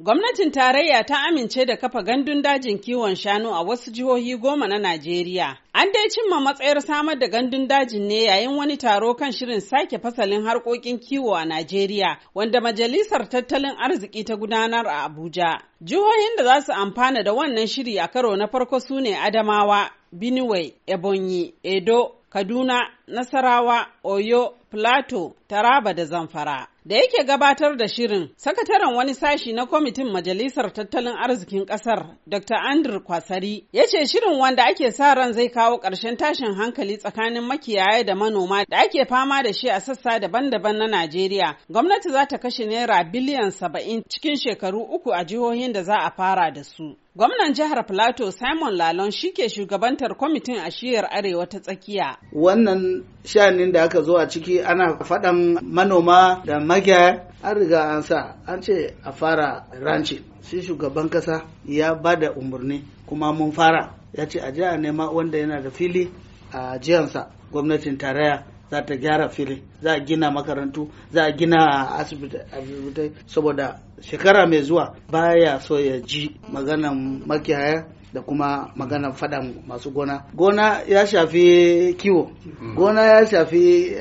Gwamnatin tarayya ta amince da kafa gandun dajin kiwon shanu a wasu jihohi goma na Najeriya. An dai cimma matsayar samar da gandun dajin ne yayin wani taro kan shirin sake fasalin harkokin kiwo a Najeriya, wanda Majalisar Tattalin Arziki ta gudanar a Abuja. Jihohin da za su amfana da wannan shiri a karo na farko su ne Adamawa, Benue, Ebonyi, Edo, Kaduna, Nasarawa, Oyo, Plato Taraba da Zamfara. Da yake gabatar da shirin, sakataren wani sashi na kwamitin Majalisar Tattalin Arzikin Ƙasar, Dr. Andrew Kwasari, ya ce shirin wanda ake sa ran zai kawo ƙarshen tashin hankali tsakanin makiyaya da manoma da ake fama da shi a sassa daban-daban na Najeriya, gwamnati za ta kashe naira biliyan saba'in cikin shekaru uku a jihohin da za a fara da su. Gwamnan jihar plato Simon Lalon shi ke shugabantar kwamitin a shiyar Arewa ta tsakiya. Wannan shanin da aka zo a ciki ana faɗan manoma da magiya an riga an sa an ce a fara ranci shi shugaban kasa ya ba da umarni kuma mun fara ya ce a a nema wanda yana da fili a jiyansa gwamnatin tarayya za ta gyara fili za a gina makarantu za a gina asibitai saboda shekara mai zuwa baya so ya ji maganan makiyaya da kuma maganar faɗan masu gona gona ya shafi kiwo mm. gona ya shafi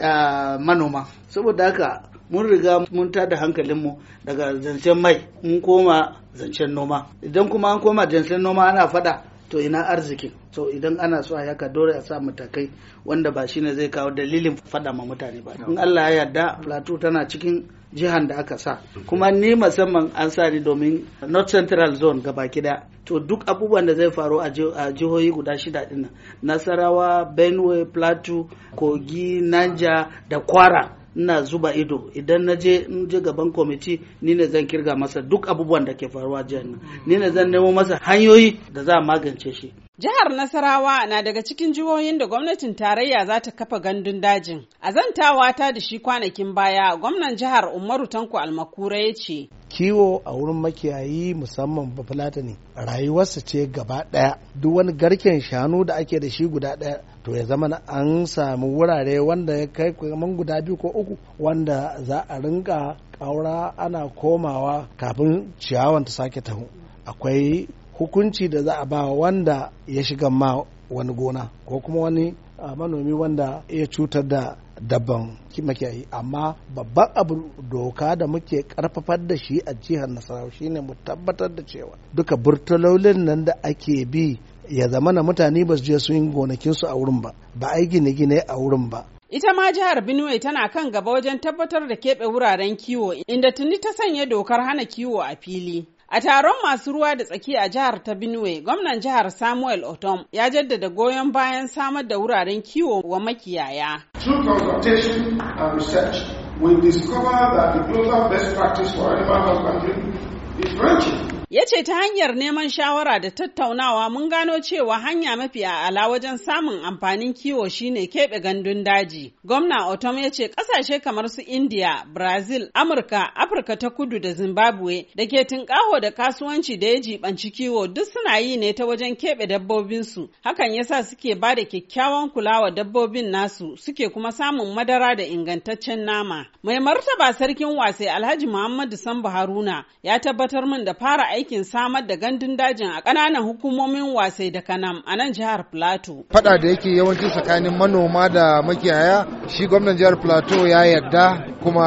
manoma saboda haka mun riga mun tada hankalinmu daga zancen mai mun koma zancen noma idan kuma an koma zancen noma ana faɗa to ina arzikin to idan ana so a haka dole a sa matakai wanda ba shine zai kawo dalilin fada ma mutane ba in Allah ya yarda plateau tana cikin jihan da aka sa kuma ni musamman an sa ni domin north central zone gaba kida to duk abubuwan da zai faru a jihohi guda shida din nasarawa benue plateau kogi nanja da kwara ina zuba ido idan na je in je gaban kwamiti ni ne zan kirga masa duk abubuwan da ke faruwa jihar nan ni ne zan nemo masa hanyoyi da za a magance shi Jihar Nasarawa na daga cikin jihohin da gwamnatin tarayya za ta kafa gandun dajin. A zantawa ta da shi kwanakin baya, gwamnan jihar Umaru Tanko Almakura ya ce. Kiwo a wurin makiyayi musamman bafulata ne, rayuwarsa ce gaba ɗaya. Duk wani garken shanu da ake da shi guda ɗaya, to ya zama an samu wurare wanda ya kai kaman guda biyu ko uku wanda za a rinka ƙaura ana komawa kafin ciyawan ta sake taho. Akwai hukunci da za a ba wanda ya shiga ma wani gona ko kuma wani manomi wanda ya cutar da dabban makiyayi amma babban abu doka da muke karfafar da shi a jihar nasarawa shine mu tabbatar da cewa duka burtalolin nan da ake bi ya zama na mutane ba su je su yin gonakinsu a wurin ba ba yi gine-gine a wurin ba Ita ma jihar Benue tana kan gaba wajen tabbatar da keɓe wuraren kiwo inda tuni ta sanya dokar hana kiwo a fili. A taron masu ruwa da tsaki a jihar ta Benue, gwamnan jihar Samuel Otom ya jaddada goyon bayan samar da wuraren kiwo wa makiyaya. Through consultation and research, we discover that the global best practice for animal husbandry is ranching. Ya ce ta hanyar neman shawara da tattaunawa mun gano cewa hanya mafi a'ala wajen samun amfanin kiwo shine keɓe gandun daji. Gwamna Otom ya ce ƙasashe kamar su India, Brazil, Amurka, Afirka ta kudu da Zimbabwe da ke tunƙaho da kasuwanci da ya jibanci kiwo duk suna yi ne ta wajen keɓe dabbobinsu. Hakan yasa suke ba da kyakkyawan kula wa dabbobin nasu suke kuma samun madara da ingantaccen nama. Mai martaba sarkin wasai Alhaji Muhammadu Sambu Haruna ya tabbatar min da fara aikin samar da gandun dajin a ƙananan hukumomin wasai da kanam a nan jihar Plateau. Fada da yake yawanci tsakanin manoma da makiyaya shi gwamnan jihar Plateau ya yarda kuma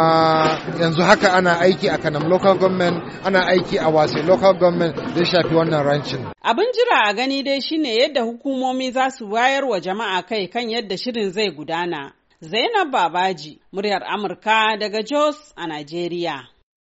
yanzu haka ana aiki a kanam local government ana aiki a wasai local government da shafi wannan rancin. Abin jira a gani dai shine yadda hukumomi za su wayar wa jama'a kai kan yadda shirin zai gudana. Zainab Babaji, muryar Amurka daga Jos a Najeriya.